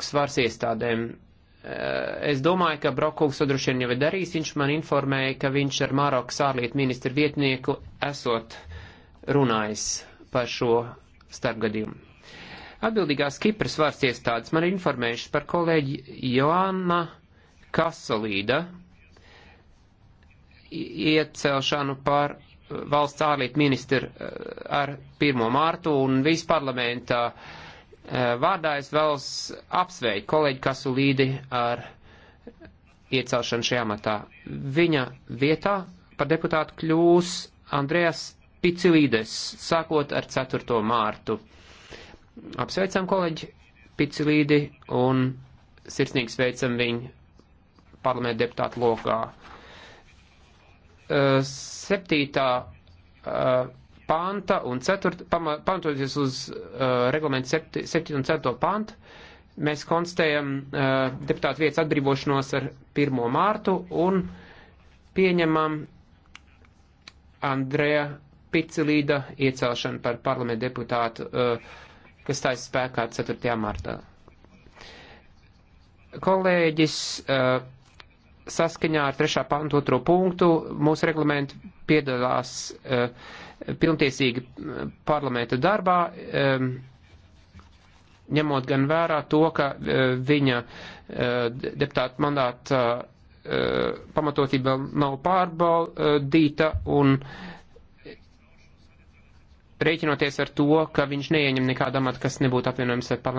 Irākas varas iestādēm. Eh, es domāju, ka Brokovs to droši vien jau ir darījis. Viņš man informēja, ka viņš ar Marokas ārlietu ministru vietnieku esot runājis par šo starpgadījumu. Atbildīgās Kipras varas iestādes man ir informējuši par kolēģi Joanna Kasolīda iecelšanu par eh, valsts ārlietu ministru eh, ar 1. mārtu un visu parlamentā uh, Eh, vārdā es vēlos apsveikt kolēģi Kasulīdi ar iecelšanu šajā matā. Viņa vietā par deputātu kļūs Andrejas Picilīdes, sākot ar 4. mārtu. Apsveicam kolēģi Picilīdi un sirsnīgi sveicam viņu parlamentu deputātu lokā. Eh, septītā eh, panta un 4, pamatoties uz uh, reglamentu 7, 7 un 4 pantu, mēs konstatējam uh, deputātu vietas atbrīvošanos ar 1. mārtu un pieņemam Andreja Picelīda iecelšanu par parlamentu deputātu, uh, kas taisa spēkā 4. martā. Kolēģis uh, saskaņā ar 3. pantu 2. punktu mūsu reglamentu piedalās eh, pilntiesīgi eh, parlamenta darbā, eh, ņemot gan vērā to, ka viņa deputāta mandāta pamatotība nav pārbaudīta un rēķinoties ar to, ka viņš neieņem nekādu amatu, kas nebūtu apvienojams ar parlamentu.